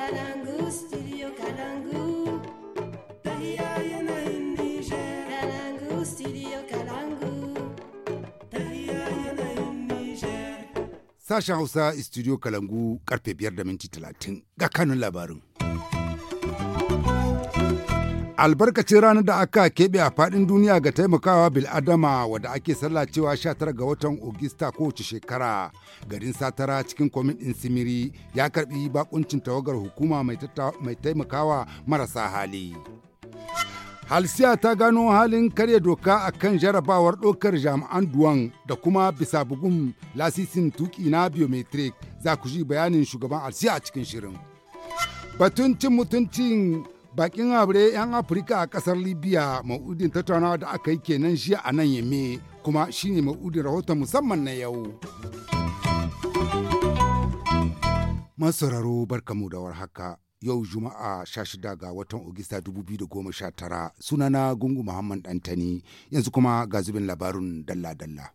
Kalangu, studio Kalangu. Tahiya yana Niger. Kalangu, studio Kalangu. Tahiya yana Niger. Sashen Hausa, studio Kalangu, karfe biyar da minti talatin ga kanun labarin. albarkacin ranar da aka keɓe a faɗin duniya ga taimakawa bil'adama wadda ake sallacewa 19 ga watan ogista kowace shekara garin satara cikin kwamin ɗin simiri ya karɓi bakuncin tawagar hukuma mai taimakawa marasa hali halsiya ta gano halin karya doka a kan jarabawar ɗaukar jami'an duwan da kuma bisa bugun lasisin tuki na biometric za ku ji bayanin shugaban halsiya a cikin shirin batun cin mutuncin bakin habre 'yan afirka a kasar libya ma'udin tattaunawa da aka yi kenan jiya a nan yame kuma shine ma'udin rahoton musamman na yau masararo barkamu da warhaka yau juma'a 16 ga watan ogista 2019 sunana gungu muhammad dantani yanzu kuma ga zubin labarun dalla-dalla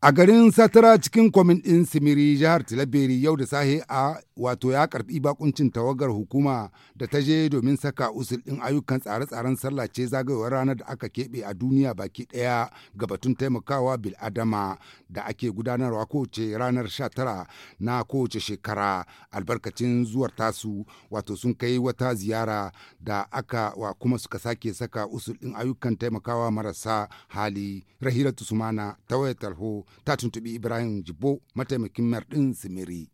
a garin satara cikin kwamin ɗin simiri jihar tilaberi yau da sahe a wato ya karbi bakuncin tawagar hukuma da ta je domin saka usul ɗin ayyukan tsare-tsaren sallah ce zagayowar ranar da aka keɓe a duniya baki ɗaya ga batun taimakawa adama da ake gudanarwa kowace ranar 19 na kowace shekara albarkacin zuwar tasu wato sun kai wata ziyara da aka wa kuma suka sake saka usul ɗin ayyukan taimakawa marasa hali rahilatu sumana ta wayar tarho ta tuntubi Ibrahim Jibo mataimakin mayar ɗin Simiri.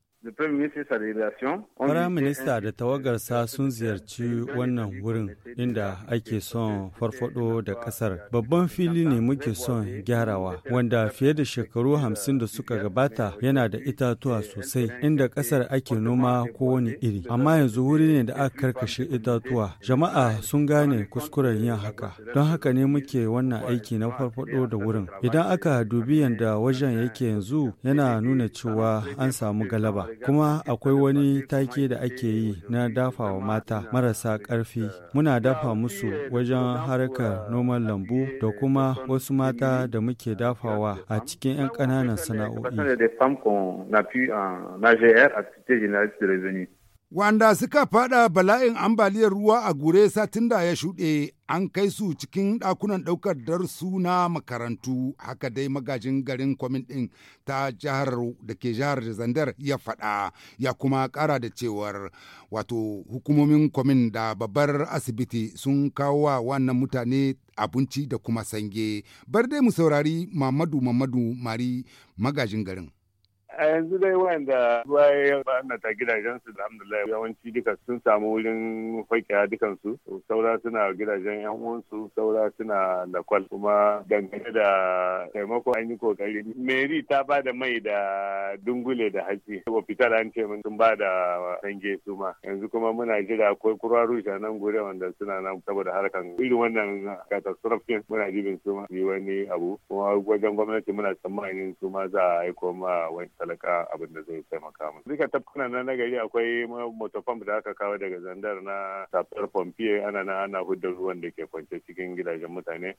Firayim Minista da tawagarsa sun ziyarci wannan wurin inda ake son farfado da kasar. Babban fili ne muke son gyarawa, wanda fiye da shekaru hamsin da suka gabata yana da itatuwa sosai, inda kasar ake noma kowane iri. Amma yanzu wuri ne da aka karkashe itatuwa. Jama'a sun gane kuskuren yin haka. Don haka ne muke wannan aiki na farfado da wurin. Idan aka dubi da wajen yake yanzu yana nuna cewa an samu galaba. kuma akwai wani take da ake yi na dafawa mata marasa ƙarfi muna dafa musu wajen harkar noman lambu da kuma wasu mata da muke dafawa a cikin 'yan ƙananan sana'o'i Wanda suka fada bala'in ambaliyar ruwa a gure satin da ya shuɗe an kai su cikin ɗakunan ɗaukar darsu na makarantu haka dai magajin garin kwamin ɗin ta jihar da ke jihar zandar ya faɗa ya kuma ƙara da cewar wato hukumomin kwamin da babbar asibiti sun kawo wa wannan mutane abinci da kuma sange bar dai mu saurari mamadu mamadu mari magajin garin. a yanzu dai wanda ruwa ya ta su alhamdulillah yawanci duka sun samu wurin fakiya dukansu saura suna gidajen yan uwansu saura suna lakwal kuma dangane da taimako an yi kokari mary ta ba da mai da dungule da hatsi fitar an ce sun ba da sange su ma yanzu kuma muna jira akwai kura rusha nan gure wanda suna nan saboda harkan irin wannan katastrofin muna jibin su ma wani abu kuma wajen gwamnati muna tsammanin su ma za a aiko ma wani talaka abin da zai taimaka musu duka tafkunan na nagari akwai motofam da aka kawo daga zandar na tafiyar pompier ana na ana hudu ruwan da ke kwance cikin gidajen mutane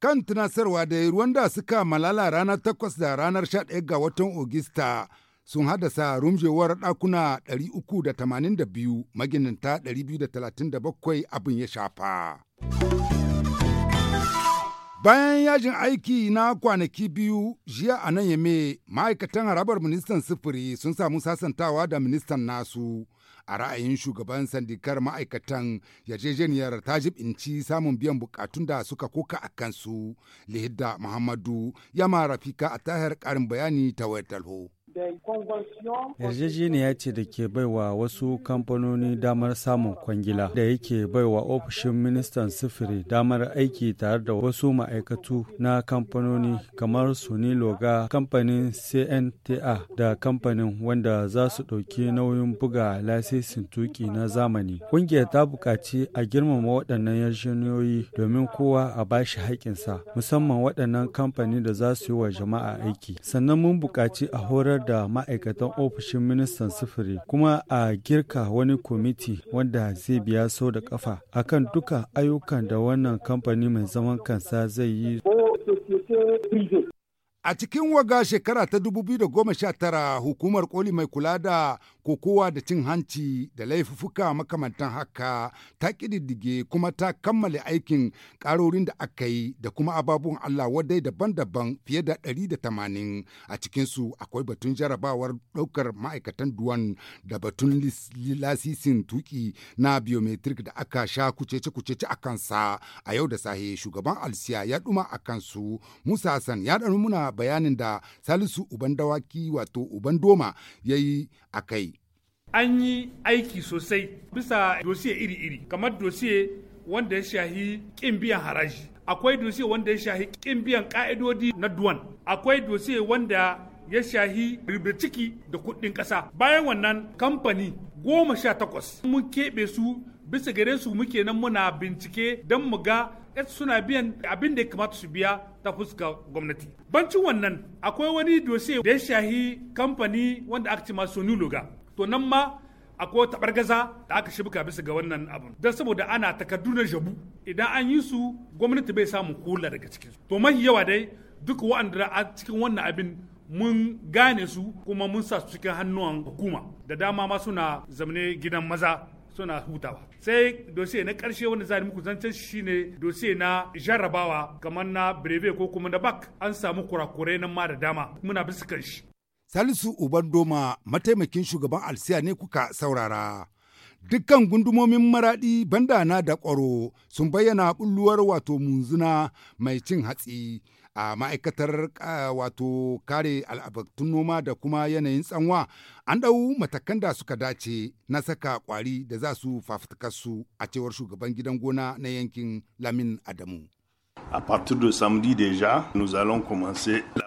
kan tunasarwa da ruwan da suka malala ranar takwas da ranar 11 ga watan ogista sun haddasa rumjewar ɗakuna 382 maginanta 237 abin ya shafa. Bayan yajin aiki na kwanaki biyu jiya a nan yame ma'aikatan harabar ministan sufuri sun samu sasantawa da ministan nasu a ra'ayin shugaban sandikar ma'aikatan yarjejeniyar ta inci samun biyan bukatun da suka koka a kansu lihidda muhammadu ya rafika a tahar karin bayani ta wayar talho. Yarjejeniya ce da ke baiwa wasu kamfanoni damar samun kwangila da yake baiwa ofishin ministan sifiri damar aiki tare da wasu ma'aikatu na kamfanoni kamar Suni Loga, kamfanin CNTA da kamfanin wanda za su ɗauki nauyin buga lasisin tuki na zamani. Ƙungiyar ta buƙaci a girmama waɗannan yarjejeniyoyi domin kowa a bashi haƙƙinsa, musamman waɗannan kamfani da za su yi wa jama'a aiki. Sannan mun buƙaci a horar da ma'aikatan ofishin ministan sufuri kuma a girka wani kwamiti wanda zai biya sau da kafa akan duka ayyukan da wannan kamfani mai zaman kansa zai yi. A cikin waga shekara ta 2019 hukumar koli mai kula da kokowa da cin hanci da laifuffuka makamantan haka ta ƙididdige kuma ta kammala aikin ƙarorin da aka yi da kuma ababun Allah wadai daban-daban fiye da 180 a cikinsu akwai batun jarabawar ɗaukar ma'aikatan duwan da batun lasisin tuki na biometric da aka sha kucece-kucece a kansa a yau da sahe shugaban alsiya ya ɗuma a kansu musa hassan ya ɗanu muna bayanin da salisu uban dawaki wato uban doma ya yi a kai an yi aiki sosai bisa dosiye iri-iri kamar dosiye wanda ya shahi kin biyan haraji akwai dosiye wanda ya shahi kin biyan ka'idodi na duwan akwai dosiye wanda ya shahi ribar ciki da kuɗin ƙasa bayan wannan kamfani goma sha takwas mun keɓe su bisa gare su muke nan muna bincike don mu ga suna biyan abin da ya kamata su biya ta fuska gwamnati. Bancin wannan akwai wani dosiye da ya shahi kamfani wanda aka ce masu Sonu Loga. to nan ma akwai wata gaza da aka shibka bisa ga wannan abun don saboda ana takardu na jabu idan an yi su gwamnati bai samu kula daga cikin to mafi yawa dai duk wa'anda a cikin wannan abin mun gane su kuma mun sa su cikin hannuwan hukuma da dama ma suna zamne gidan maza suna hutawa sai dosiye na karshe wanda za muku zancen ne dosiye na jarrabawa kamar na breve ko kuma na bak an samu kurakurai nan ma da dama muna bisa kan shi Salisu Uban mataimakin shugaban Alsiya ne kuka saurara. Dukkan gundumomin maraɗi na da ƙwaro sun bayyana ɓulluwar wato munzuna mai cin hatsi a ma'aikatar wato kare al'abatun noma da kuma yanayin tsanwa an ɗau matakan da suka dace na saka ƙwari da za su fafutukarsu a cewar shugaban gidan gona na yankin Lamin Adamu. a partir de samedi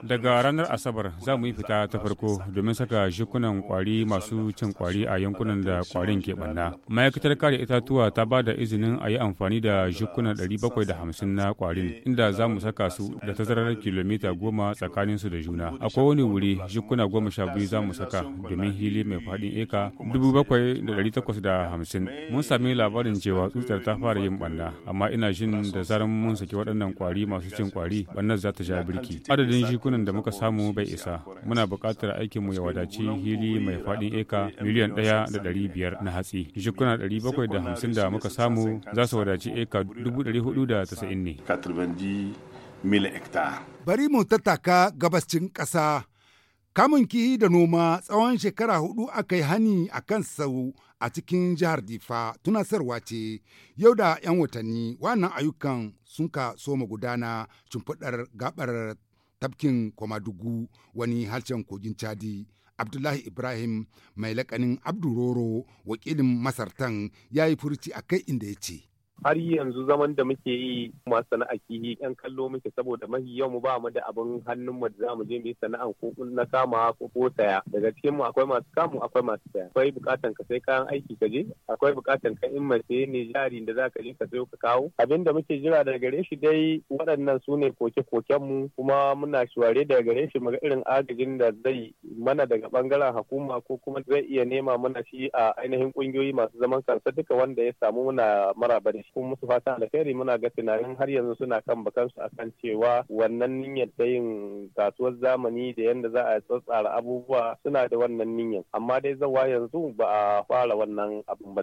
Daga ranar Asabar za mu yi fita ta farko domin saka jikunan kwari masu cin kwari a yankunan da kwarin ke banna. Ma'aikatar kare itatuwa ta ba da izinin a yi amfani da jikunan 750 na kwarin inda za mu saka su da tazarar kilomita goma tsakanin su da juna. A kowane wuri jikuna goma sha biyu za mu saka domin hili mai faɗin eka hamsin Mun sami labarin cewa tsutsar ta fara yin banna amma ina jin da zaran mun saki waɗannan kwari masu cin kwari wannan za ta sha birki adadin jikunan da muka samu bai isa muna buƙatar aikin mu ya wadaci hili mai faɗin eka miliyan ɗaya da ɗari biyar na hatsi jikuna ɗari bakwai da hamsin da muka samu za su wadaci eka dubu ɗari hudu da tasa'in ne. Bari mu tattaka gabascin ƙasa Kamun kihi da noma tsawon shekara hudu aka yi hani a kan sau a cikin jihar Difa tunasarwa ce yau da 'yan watanni wannan ayyukan sun ka soma gudana cumfuɗar gabar tafkin Komadugu wani harshen kogin Chadi. Abdullahi Ibrahim mai lakanin Abduroro wakilin Masartan ya yi furuci a kai inda ya ce. har yanzu zaman da muke yi masu sana'a kihi yan kallo muke saboda mahi yau mu ba mu da abin hannun mu da za mu je mu yi sana'an ko na kama ko ko saya daga cikin mu akwai masu kamu akwai masu saya akwai bukatan ka sai kayan aiki ka je akwai bukatan ka in mace ne jari da za ka je ka sayo ka kawo abin da muke jira daga gare shi dai waɗannan su ne koke-koken mu kuma muna shuware daga gare shi muga irin agajin da zai mana daga bangaren hukuma ko kuma zai iya nema mana shi a ainihin kungiyoyi masu zaman kansa duka wanda ya samu muna maraba da shi cikin musu fata kairi muna ga tunanin har yanzu suna kan bakansu akan cewa wannan niyyar ta yin kasuwar zamani da yadda za a tsatsara abubuwa suna da wannan niyyar amma dai zawa yanzu ba a fara wannan abin ba.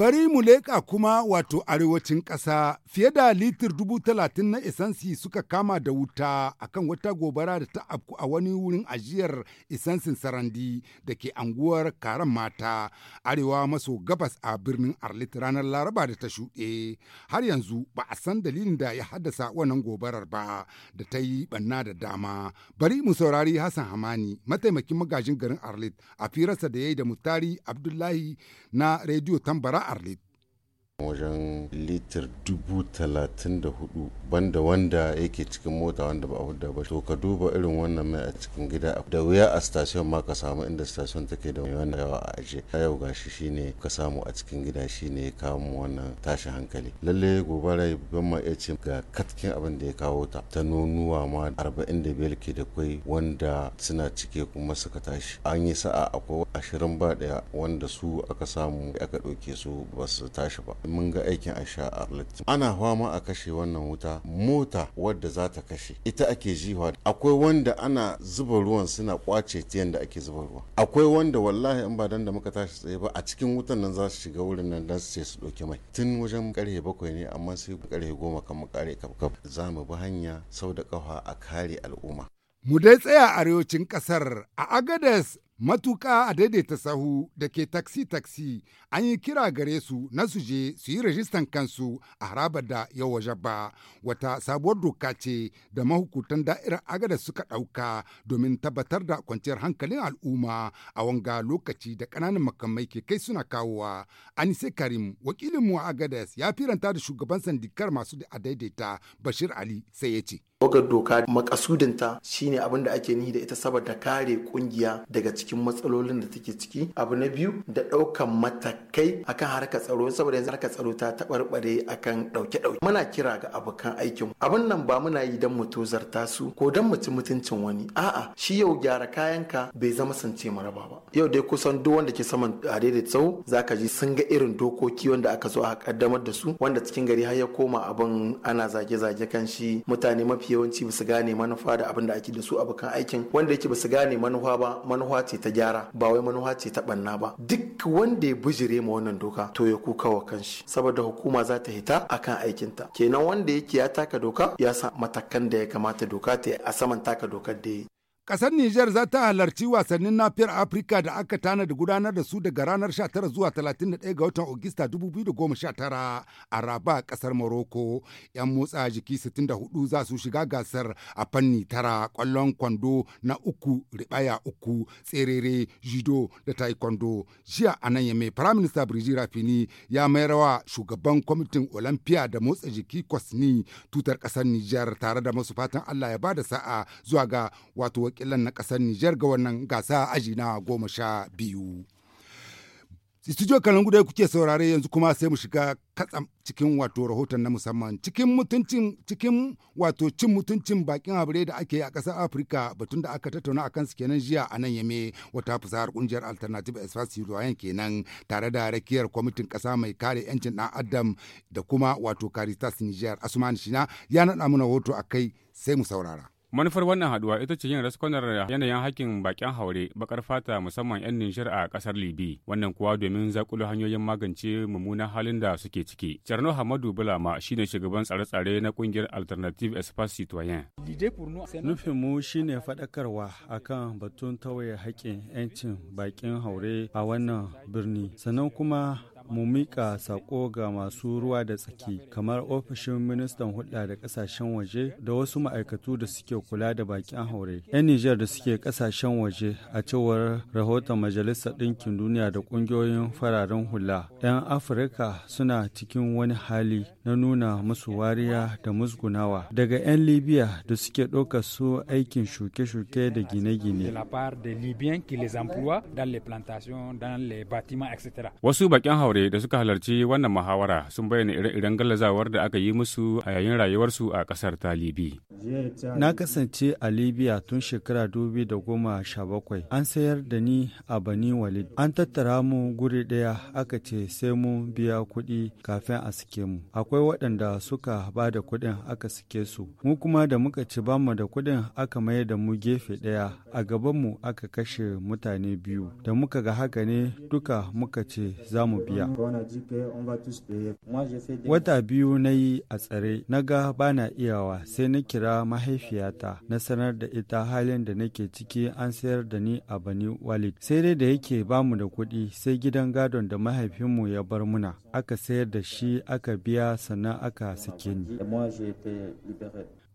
Bari mu leƙa kuma wato arewacin ƙasa fiye da litir dubu talatin na isansi suka kama da wuta akan wata gobara da ta afku a wani wurin ajiyar isansin sarandi da ke anguwar karan mata arewa maso gabas a birnin Arlit ranar Laraba da ta shuɗe. Har yanzu ba a san dalilin da ya haddasa wannan gobarar ba da ta yi banna da dama. Bari mu saurari Hassan Hamani mataimakin magajin garin Arlit a firarsa da ya yi da Mutari Abdullahi na rediyo Tambara parli wajen litir dubu talatin da hudu banda wanda yake cikin mota wanda ba a huda ba to ka duba irin wannan mai a cikin gida da wuya a station ma ka samu inda station take da wanda yawa a aje a yau gashi shine ka samu a cikin gida shine ya kawo wannan tashin hankali lalle gobara ban ma iya ce ga katkin abin da ya kawo ta ta nonuwa ma arba'in da biyar ke da kwai wanda suna cike kuma suka tashi an yi sa'a akwai ashirin ba daya wanda su aka samu aka dauke su ba su tashi ba mun ga aikin a sha ana fama a kashe wannan wuta mota wadda za ta kashe ita ake jiwa akwai wanda ana zuba ruwan suna kwace ta yadda ake zuba ruwa akwai wanda wallahi in ba dan da muka tashi tsaye ba a cikin wutan nan za su shiga wurin nan dan su ce su ɗauki mai tun wajen karfe bakwai ne amma sai karfe goma kan mu kare kafkaf za mu bi hanya sau da kafa a kare al'umma mu dai tsaya arewacin ƙasar a agades Matuƙa a daidaita sahu da ke taksi-taksi an yi kira gare su na su je su yi rajistan kansu a harabar da yau waje ba wata sabuwar doka ce da mahukuntan da'irar agada suka ɗauka domin tabbatar da kwanciyar hankalin al'umma a wanga lokaci da ƙananan makamai ke kai suna kawowa. Anise Karim wakilin mu a Agadez ya firanta da shugaban sandikar masu da daidaita Bashir Ali sai ya ce. Wakar doka makasudinta shine abin da ake ni da ita saboda kare kungiya daga ciki. cikin matsalolin da take ciki abu na biyu da ɗaukan matakai akan harkar tsaro saboda yanzu harkar tsaro ta taɓarɓare akan ɗauke-ɗauke muna kira ga abokan aikin abin nan ba muna yi don mu tozarta su ko dan mu ci mutuncin wani a'a shi yau gyara kayanka bai zama sance maraba ba yau dai kusan duk wanda ke saman da tsawo zaka ji sun ga irin dokoki wanda aka zo a kaddamar da su wanda cikin gari har ya koma abin ana zage-zage kan shi mutane mafi yawanci basu gane manufa da abin da ake da su abokan aikin wanda yake basu gane manufa ba manufa ce ta gyara ba wai manuwa ce ta banna ba duk wanda ya bujire ma wannan doka to ya kuka wa kanshi saboda hukuma za ta hita akan aikinta kenan wanda yake ya taka doka ya sa matakan da ya kamata doka ta a saman taka dokar da ya Ƙasar Nijar za ta halarci wasannin nafiyar Afirka da aka tanada gudanar da su daga ranar 19 zuwa 31 ga watan Ogista 2019 a Rabat ƙasar Morocco. 'Yan motsa jiki 64 za su shiga gasar a fanni tara kwallon kwando na uku ribaya uku tserere judo da taekwondo. Jiya a nan yame Firaminista Birji Rafini ya mayar wa shugaban kwamitin Olamfiya da motsa jiki Kwasni tutar kasar Nijar tare da masu fatan Allah ya ba da sa'a zuwa ga wato wakilan na kasar Nijar ga wannan gasa aji na goma sha biyu. studio kanan guda kuke saurare yanzu kuma sai mu shiga katsam cikin wato rahoton na musamman cikin mutuncin cikin wato cin mutuncin bakin abure da ake a kasar afirka batun da aka tattauna akan su kenan jiya a nan yame wata fasahar kungiyar alternative espace citoyen kenan tare da rakiyar kwamitin ƙasa mai kare yancin ɗan adam da kuma wato caritas niger asuman shina ya naɗa mana hoto a kai sai mu saurara. manufar wannan haduwa ita ce yin raskonar yanayin hakkin bakin haure bakar fata musamman 'yan nijar a kasar libi wannan kuwa domin zakulo hanyoyin magance mummunan halin da suke ciki charno hamadu bulama shine shugaban tsare-tsare na kungiyar alternative espace citoyen nufin mu shine faɗakarwa akan batun tawaye haƙƙin 'yancin bakin haure a wannan birni sannan kuma mu mika sako ga masu ruwa da tsaki kamar ofishin ministan hulɗa da ƙasashen waje da wasu ma'aikatu da suke kula da bakin haure. 'Yan Nijar da suke ƙasashen waje a cewar rahoton Majalisar Ɗinkin Duniya da ƙungiyoyin fararen hula. 'Yan Afirka suna cikin wani hali na nuna musu wariya da musgunawa. Daga 'yan Libya da suke ɗaukar su aikin shuke-shuke da gine-gine. Wasu bakin haure ƙetare da suka halarci wannan muhawara sun bayyana ire-iren gallazawar da aka yi musu a yayin rayuwarsu a kasar ta Na kasance a Libya tun shekara goma sha bakwai An sayar da ni a Bani Walid. An tattara mu guri ɗaya aka ce sai mu biya kuɗi kafin a sike mu. Akwai waɗanda suka ba da kuɗin aka sike su. Mu kuma da muka ci ba mu da kuɗin aka mayar da mu gefe ɗaya a gaban mu aka kashe mutane biyu. Da muka ga haka ne duka muka ce za mu biya. Wata biyu na yi a tsare, na ga bana iyawa sai na kira mahaifiyata na sanar da ita halin da nake ciki an sayar da ni a Bani Walid. Sai dai da yake bamu da kuɗi sai gidan gadon da mahaifinmu ya bar muna. Aka sayar da shi aka biya sannan aka sake ni.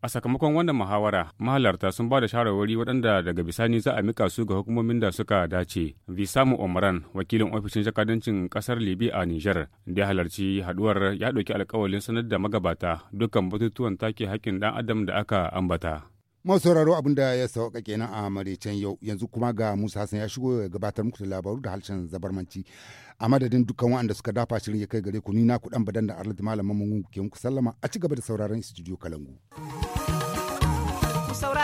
A sakamakon wannan muhawara, mahalarta sun ba da shawarwari waɗanda daga bisani za a mika su ga hukumomin da suka dace. Visamu Omaran, wakilin ofishin jakadancin ƙasar Libi a Nijar, da ya halarci haduwar ya ɗauki alkawalin sanar da magabata dukkan batutuwan take haƙƙin ɗan adam da aka ambata. masu sauraro abin da ya sauka kenan a maraicen yau yanzu kuma ga Musa Hassan ya shigo ya gabatar muku da labaru da harshen zabarmanci a madadin dukkan waɗanda suka dafa shirin ya kai gare ku ni na kuɗan badan da Arlit Malam Mamungu ke muku sallama a ci gaba da sauraron studio Kalangu.